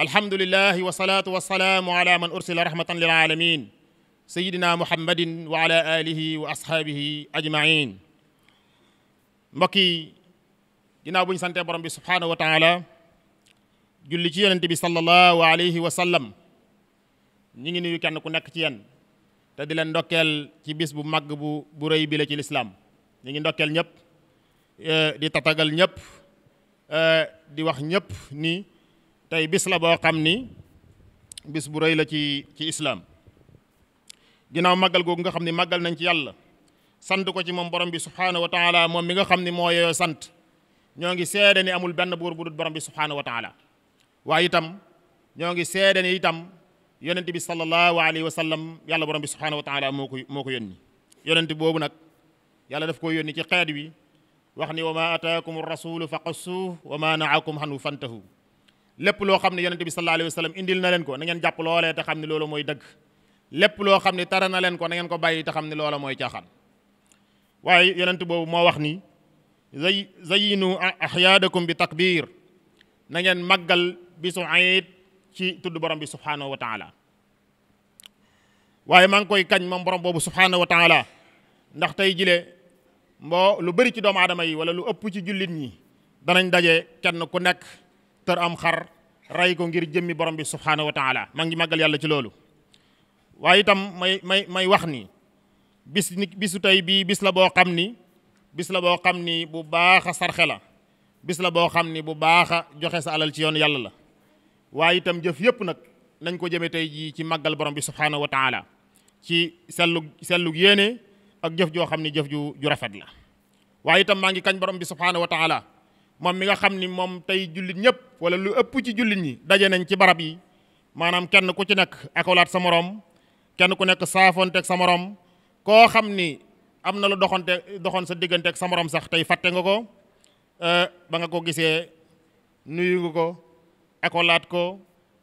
alhamdulilahi wasalaatu wasalaamu ala man ursila rahmatan lil alamin sayidina muhammadin wa ala alihi wa ashaabihi ajmain mbokk yi ginnaaw bu ñu santee borom bi subhaanahu wa taala julli ci yonente bi sallallahu alayhi wa sallam ñi ngi nuyu kenn ku nekk ci yéen te di leen ndokkeel ci bis bu màgg bu bu rëy bi la ci lislaam ñi ngi ndokkeel ñëpp eh, di tatagal ñëpp eh, di wax ñëpp ni tey bis la boo xam ni bis bu rëy la ci ci islaam ginaaw màggal googu nga xam ni màggal nañ ci yàlla sant ko ci moom borom bi subhaanahu wa taala moom mi nga xam ni moo yeyoo sant ñoo ngi seede ni amul benn buur bu borom bi subhaanahu wa taala waaye itam ñoo ngi seede ni itam yonent bi sallallahu alayhi wa sallam yàlla borom bi subhaanahu wa taala moo ko moo ko yónni boobu nag yàlla def ko yónni ci xeet wi wax ni wa ma ataakum rasulu fa qassuuh wa ma naakum xanu fantahu lépp loo xam ne yonente bi sallallahu alayhi wa indil na leen ko na ngeen jàpp loolee te xam ne loolu mooy dëgg lépp loo xam ne tara na leen ko na ko bàyyi te xam ne loola mooy caaxaan waaye yonent boobu moo wax nii ni zay zayinu axyaadakum bi takbir na ngeen màggal bisu ayit ci tudd borom bi subhanahu wa taala waaye maa ngi koy kañ moom borom boobu subhanahu wa taala ndax tey jile mboo lu bari ci doomu aadama yi wala lu ëpp ci jullit ñi danañ daje kenn ku nekk docteur am xar rey ko ngir jëmmi borom bi subhaanahu wa taala maa ngi màggal yàlla ci loolu waaye itam may may may wax ni bis ni bisu tey bii bis la boo xam ni bis la boo xam ni bu baax a sarxe la bis la boo xam ni bu baax a joxe sa alal ci yoon yàlla la waaye itam jëf yëpp nag nañ ko jëme tey jii ci màggal borom bi subhaanahu wa taala ci sellug sellug yéene ak jëf joo xam ni jëf ju ju rafet la waaye itam maa ngi kañ borom bi subhaanahu wa moom mi nga xam ni moom tey jullit ñëpp wala lu ëpp ci jullit ñi daje nañ ci barab yi maanaam kenn ku ci nekk akolaat sa morom kenn ku nekk saafonteeg sa koo xam ni am na lu doxante doxoon sa digganteeg sa morom sax tey fatte nga ko eh, ba nga ko gisee nuyu nga ko akolaat ko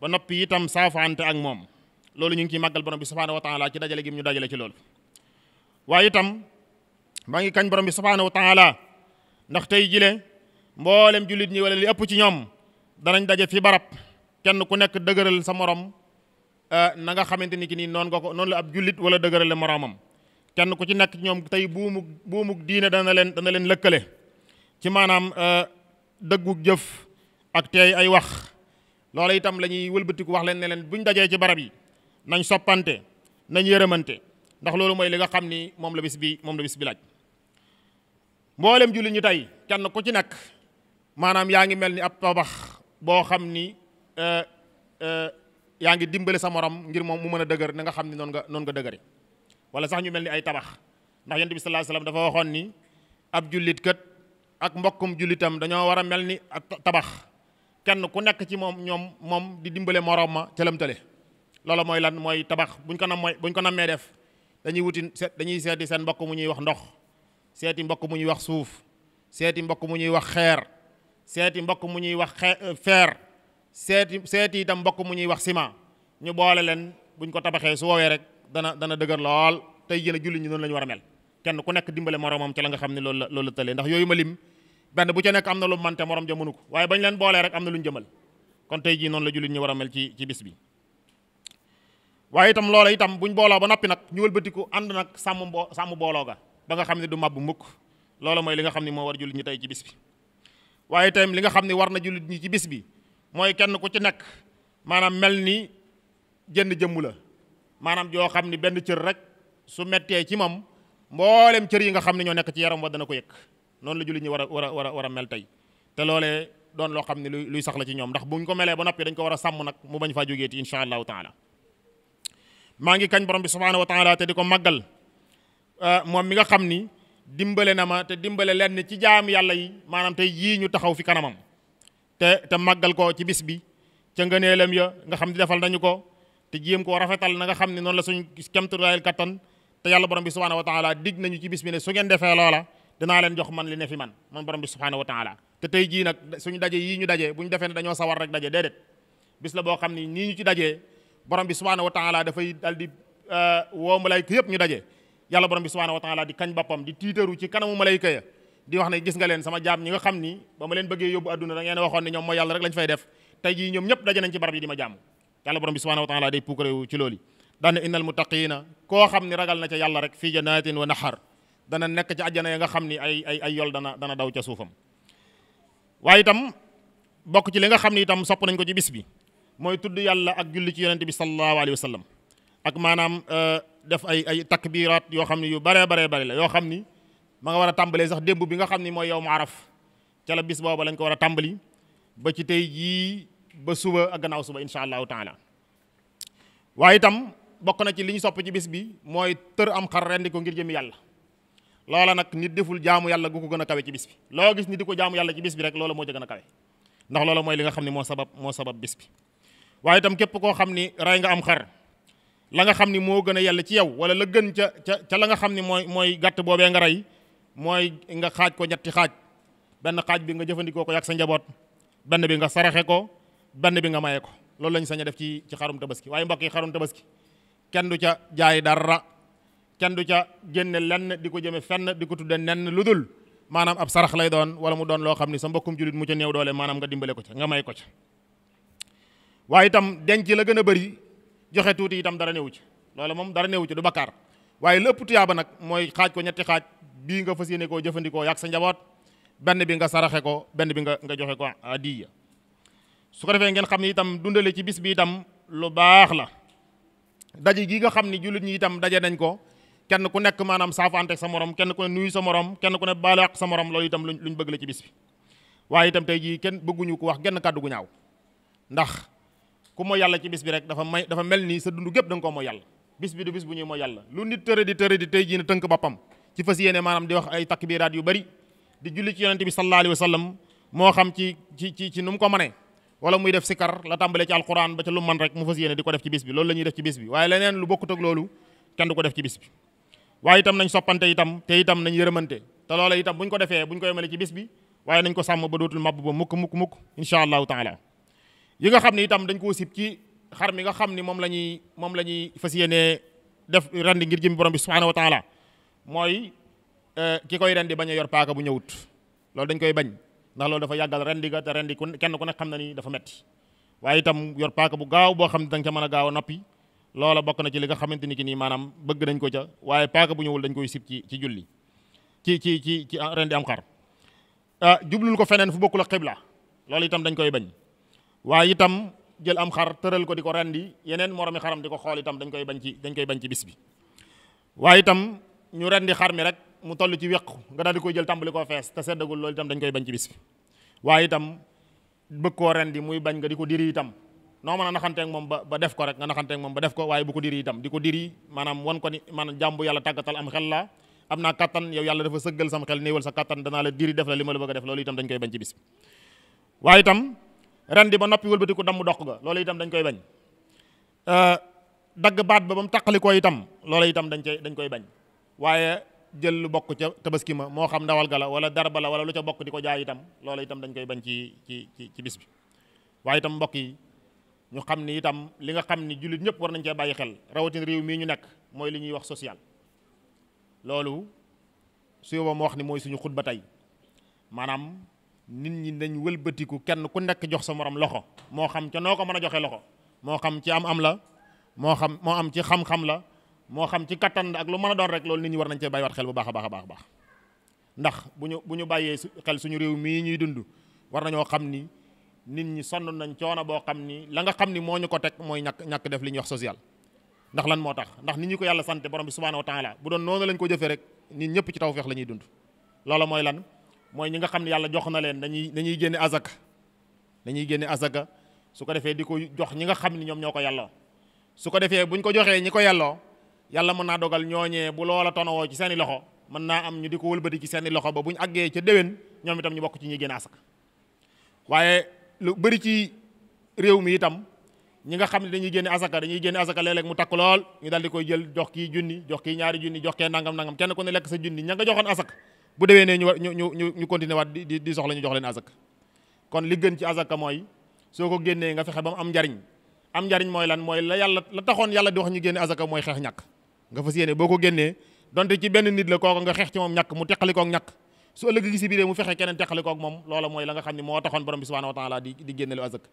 ba noppi itam saafante ak moom loolu ñu ngi ciy màggal borom bi subhaanahu wa taala ci dajale gi ñu dajale ci loolu waaye itam maa ngi kañ borom bi subhaanahu wa ndax tey jile mboolem jullit ñi wala li ëpp ci ñoom danañ daje fi barab kenn ku nekk dëgëral sa morom eh, na nga xamante ni ki nii noonu nga ko noonu la ab jullit wala dëgërale moromam kenn ku ci nekk ñoom tey buumug buumug diine dana leen dana leen lëkkale ci maanaam eh, dëggug jëf ak teey ay wax loola itam la ñuy wëlbatiku wax leen ne leen buñ dajee ci barab yi nañ soppante nañ yërëmante ndax loolu mooy li nga xam ni moom la bis bi moom la bis bi laaj mboolem jullit ñi tey kenn ku ci nekk maanaam yaa ngi mel ni ab tabax boo xam ni euh, euh, yaa ngi dimbale sa morom ngir moom mu mën a dëgër na nga xam ni noon nga noonu nga dëgëre wala sax ñu mel ni ay tabax ndax yonent bi sallallahu alayhi waxoon ni ab jullit kat ak mbokkum jullitam dañoo war a mel ni ak tabax kenn ku nekk ci moom ñoom moom di dimbale morom ma cëlamtale loolu mooy lan mooy tabax buñ ko mooy buñ ko nammee def dañuy wuti seet dañuy seeti seen mbokk mu ñuy wax ndox seeti mbokk mu ñuy wax suuf seeti mbokk mu ñuy wax xeer seeti mbokk mu ñuy wax euh, fer seeti seeti itam mbokk mu ñuy wax ciment ñu boole leen buñ ko tabaxee su woowee rek dana dana dëgër lool tey jën a julli ñi noonu la ñu war a mel kenn ku nekk dimbale moromam ci la nga xam ne loolu la loolu la tëlee ndax yooyu ma lim benn bu ca nekk am na lu mante morom ja mënu ko waaye bañ leen boolee rek am na lu jëmal kon tey jii noonu la jullit ñi war a mel ci ci bis bi waaye itam loolo itam buñ booloo ba noppi nag ñu wëlbatiku ànd nag sàmm sàmm booloo ba nga xam ne du màbb mukk loola mooy li nga xam ne moo war jullit ñi tey ci bis bi waaye tamit li nga xam ne war na jullit ñi ci bis bi mooy kenn ku ci nekk maanaam mel ni jënd jëmm la maanaam joo xam ni benn cër rek su mettee ci moom mboolem cër yi nga xam ne ñoo nekk ci yaram wa dana ko yëg noonu la jullit ñi war a war war war mel tey te loolee doon loo xam ne luy luy sax la ci ñoom ndax buñ ko melee ba noppi dañ ko war a sàmm nag mu bañ faa jógeeti insha allahu taala maa ngi kañ borom bi subhanahu wa taala te di ko maggal euh, moom mi nga xam ni dimbale na ma te dimbale leen lenn ci jaam yàlla yi maanaam tey jii ñu taxaw fi kanamam te te màggal ko ci bis bi ca ngëneelam ya nga xam ne defal nañu ko te jéem koo rafetal na nga xam ne noonu la suñ kemtudayel kattan te yàlla borom bi subhanahu wa taala dig nañu ci bis bi ne su ngeen defee loola leen jox man li ne fi man man borom bi subhanahu wa taala te tey jii nag suñu daje yii ñu daje bu ñu defee ne dañoo sawar rek daje déedéet bis la boo xam ne nii ñu ci dajee borom bi subhanahu wa taala dafay dal di euh, woomu lay yëpp ñu daje yàlla borom bi subhanahu wa taala di kañ boppam di tiitaru ci kanamu malayka ya di wax ne gis nga leen sama jaam ñi nga xam ni ba ma leen bëggee yóbbu àdduna da ngeen waxoon ne ñoom mooy yàlla rek lañ fay def tey jii ñoom ñëpp daje nañ ci barab yi di ma jàmm yàlla borom bi subhanahu wa taala day puukarewu ci loolu daan innal muttaqina koo xam ni ragal na ca yàlla rek fii jannatin wa nahar dana nekk ci àjjana ya nga xam ni ay ay ay yol dana daw ca suufam waaye itam bokk ci li nga ci bis bi mooy tudd yàlla ak julli ci yonente bi sallallahu alayhi wa def ay ay takbiraat yoo xam ne yu baree baree bari la yoo xam ni ma nga war a tàmbalee sax démb bi nga xam ni mooy yow mu araf ca la bis booba lañ ko war a tàmbali ba ci tey jii ba suba ak gannaaw suba incha allahu taala waaye itam bokk na ci li ñu sopp ci bis bi mooy tër am xar rendi ko ngir jëmi yàlla loola nag nit deful jaamu yàlla gu ko gën a kawe ci bis bi loo gis nit di ko jaamu yàlla ci bis bi rek loola moo ca gën a kawe ndax loola mooy li nga xam ne moo sabab moo sabab bis bi waaye itam képp koo xam ni rey nga am xar la nga xam ni moo gën a yàlla ci yow wala la gën ca ca ca la nga xam ni mooy mooy gàtt boobee nga rey mooy nga xaaj ko ñetti xaaj benn xaaj bi nga jëfandikoo ko yàgg sa njaboot benn bi nga saraxe ko benn bi nga maye ko loolu lañ sañ a def ci ci xarum tabaski waaye mbokk yi xarum tabaski kenn du ca jaay dara kenn du ca génne lenn di ko jëme fenn di ko tudde nenn lu dul maanaam ab sarax lay doon wala mu doon loo xam ni sa mbokkum julit mu ca néew doole maanaam nga dimbale ko ca nga may ko ca joxe tuuti itam dara newu ci loolu moom dara newu ci du bakkaar waaye lu ëpp tuyaaba nag mooy xaaj ko ñetti xaaj bii nga fas yéene koo jëfandikoo yàgg sa njaboot benn bi nga saraxe ko benn bi nga nga joxe ko adiya su ko defee ngeen xam ni itam dundale ci bis bi itam lu baax la daje gi nga xam ni jullit ñi itam daje nañ ko kenn ku nekk maanaam saafaanteeg sa morom kenn ku ne nuyu sa morom kenn ku ne baalu sa morom loolu itam luñ bëgg la ci bis bi waaye itam tey jii kenn bëgguñu ko wax genn kàddu ñaaw ndax ku mooy yàlla ci bis bi rek dafa may dafa mel nii sa dund gépp da koo mooy yàlla bis bi du bis bu ñuy mooy yàlla lu nit tëre di tëre di tënk boppam ci fas yéene maanaam di wax ay takbiraat yu bari di julli ci yonente bi sallallahu alayhi moo xam ci ci ci nu mu ko mënee wala muy def sikar la tàmbalee ci alquran ba ca lu man rek mu fas yéene di ko def ci bis bi loolu la def ci bis bi waaye leneen lu bokkut loolu kenn du ko def yi nga xam ne itam dañ koo sib ci xar mi nga xam ni moom la ñuy moom la ñuy fas yéenee def rendi ngir jëm borom bi subhanahu wa mooy euh, ki koy rendi bañ a yor paaka bu ñëwut loolu dañ koy bañ ndax lool dafa yàggal rendi ga te rendi ku kenn ku ne xam na ni dafa metti waaye itam yor paaka bu gaaw boo xam ne danga ca mën a gaaw a noppi loola bokk na ci li nga xamante ni ki nii maanaam bëgg nañ ko ca waaye paaka bu ñëwul dañ koy sib ci ci julli ci ci ci ci rendi am xar ah, jublul ko feneen fu bokkul ak loolu itam dañ koy bañ waaye itam jël am xar tëral ko di ko rendi yeneen moromi xaram di ko xool itam dañ koy bañ ci dañ koy bañ ci bis bi waaye itam ñu rendi xar mi rek mu toll ci weq nga daal di koy jël tàmbali ko fees te seddagul loolu itam dañ koy bañ ci bis bi waaye itam bëgg koo rendi muy nga di ko diri itam noo mën a naxanteeg moom ba ba def ko rek nga moom ba def ko waaye bu ko diri itam di ko diri maanaam wan ko la am naa kattan yow yàlla dafa sëggal sam xel néewal sa kattan danaa la diri def la li ma la a rendi ba noppi wëlbatiku damm doq ga loolu itam dañ koy bañ euh, dagg baat ba ba mu taqali ko itam loolu itam dañ cay dañ koy bañ waaye jël lu bokk ca tabaski ma moo xam ndawal ga wala darba la wala lu ca bokk di ko jaay dañ koy bañ ci ci ci ci bis bi waaye itam mbokk yi ñu xam ni itam li nga xam ni jullit ñëpp war nañ cee bàyyi xel rawatin réew mii ñu nekk mooy li ñuy wax social loolu su yóbba moo wax ni mooy suñu xutba tey maanaam nit ñi dañ wëlbatiku kenn ku nekk jox sa moroom loxo moo xam ca noo ko mën a joxe loxo moo xam ci am am la moo xam moo am ci xam-xam la moo xam ci kattan ak lu mën a doon rek loolu nit ñi war nañ cee bàyyiwaat xel bu baax a baax baax ndax bu ñu bu ñu bàyyee xel suñu réew mii ñuy dund war nañoo xam ni nit ñi sonn nañ coono boo xam ni la nga xam ni moo ñu ko teg mooy ñàkk ñàkk def li ñuy wax social. ndax lan moo tax ndax nit ñi ko yàlla sant borom bi subhanahu wa taala bu doon noonu lañ ko jëfee rek nit ñëpp ci tawfeex la ñuy dund loolu mooy lan mooy ñi nga xam ne yàlla jox na leen dañuy dañuy génne azaka dañuy génne azaka su ko defee di koy jox ñi nga xam ne ñoom ñoo ko yàlloo su ko defee buñ ko joxee ñi ko yàlloo yàlla mën naa dogal ñooñee bu loola tonowoo ci seeni loxo mën naa am ñu di ko wëlbati ci seeni loxo ba bu ñu àggee ca déwén ñoom itam ñu bokk ci ñuy génne azaka waaye lu bari ci réew mi itam ñi nga xam ne dañuy génne azaka dañuy génne azaka léeg-léeg mu takk lool ñu daal di koy jël jox kii junni jox kii ñaari junni jox kee nangam nangam kenn ku ne lekk sa junni ña nga joxoon azaka bu dewee ne ñu war ñu ñu ñu continuer waat di di soxla ñu jox leen azaka kon li gën ci azaka mooy soo ko génnee nga fexe ba mu am njariñ am njariñ mooy lan mooy la yàlla la taxoon yàlla di wax ñu génne azaka mooy xeex ñàkk nga fas yéene boo ko génnee donte ci benn nit la kooku nga xeex ci moom ñàkk mu teqalikook ñàkk su ëllëg gi si biiree mu fexe keneen teqalikook moom loola mooy la nga xam ne moo taxoon borom bi subhanahu wa taala di génne lu azaka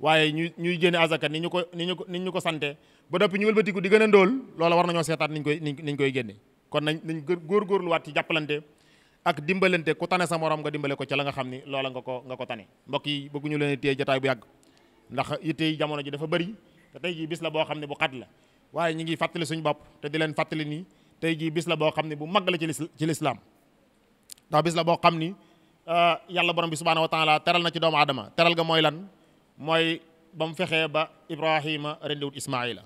waaye ñu ñuy génne azaka ni ñu ko ni ñu ko ñu ko sante ba doppi ñu wëlbatiku di gën a ndóol loola war nañoo seetaat niñ koy niñ koy génne kon nañ nañ góorgóorluwaat ci jàppalante ak dimbalante ku tane sa morom nga dimbale ko ca la nga xam ni loola nga ko nga ko tane mbokk yi bëgguñu leen téye jataay bu yàgg ndax yitte yi jamono ji dafa bëri te tey jii bis la boo xam ne bu xat la waaye ñu ngi fàttali suñu bopp te di fàttali nii tey jii bis la boo xam ne bu mag la ci ci lislaam ndax bis la boo xam ni ah, yàlla borom bi subhaanahu wa taala teral na ci doomu aadama teral ga mooy lan mooy ba mu fexee ba ibrahima rendiwut ismaila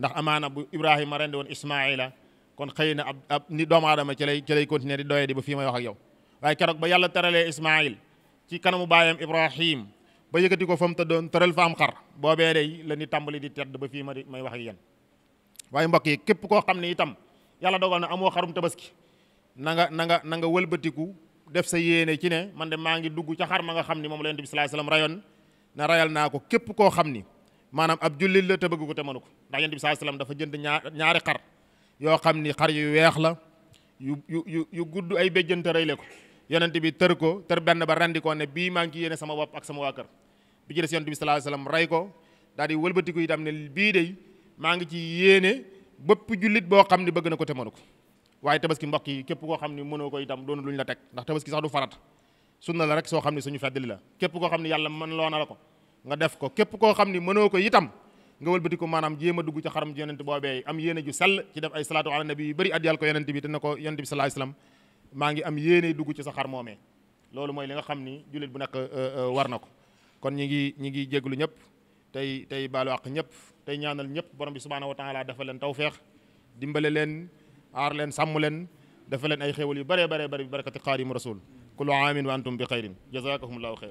ndax amaana bu ibrahima rendi woon ismaila kon xëy na ab ab ni doomu aadama ci lay ci lay continuer di doye di ba fii may wax ak yow waaye keroog ba yàlla teralee Ismaayil ci kanamu baayam Ibrahim ba yëkkati ko fa mu tëddoon tëral fa am xar boobee day la ni tàmbali di tedd ba fii ma may wax ak yéen waaye mbokk yi képp koo xam ne itam yàlla dogal na amoo xarum tabaski na nga nanga nga wëlbatiku def sa yéene ci ne man de maa ngi dugg ca xar ma nga xam ni moom la yonent bi sallallahu alayhi rayoon na rayal naa ko képp koo xam ni maanaam ab jullit la te bëgg ko te mënu ko ndax yonent bi dafa jënd ñaar xar yoo xam ni xar yu weex la yu yu yu gudd ay béjjante rey le ko yonent bi tër ko tër benn ba rendi ko ne bii maa ngi ci yéene sama bopp sama waa kër bi ci des yonent bi rey ko daal di wëlbatiku itam ne bii de maa ngi ci yéene bëpp jullit boo xam ni bëgg na ko te mënu ko waaye tabaski mbokk yi képp koo xam ni mënoo ko itam doonu luñ la teg ndax tabaski sax du farat sunna la rek soo xam ni suñu feddali la képp koo xam ni yàlla mën loo na la ko nga def ko képp koo xam ni mënoo ko itam ba wëlbati ko maanaam jéem dugg ci xaram ci yonent boobee am yéene ju sell ci def ay salaatu ala nabi yu bëri addiyal ko yonent bi te na ko yonent bi sallallahu alayhi maa ngi am yéene dugg ci sa xar moomee loolu mooy li nga xam ni jullit bu nekk euh, euh, war na ko kon ñi ngi ñi ngi jéglu ñëpp tey tey baalu àq ñëpp tey ñaanal ñëpp borom bi subhaanahu wa taala dafa leen tawfeex dimbale leen aar leen sàmm leen dafa leen ay xéewal yu bëree bëree bëri bi barakati xaadimu rasul kullu aamin wa antum bi xayrin jazakumullahu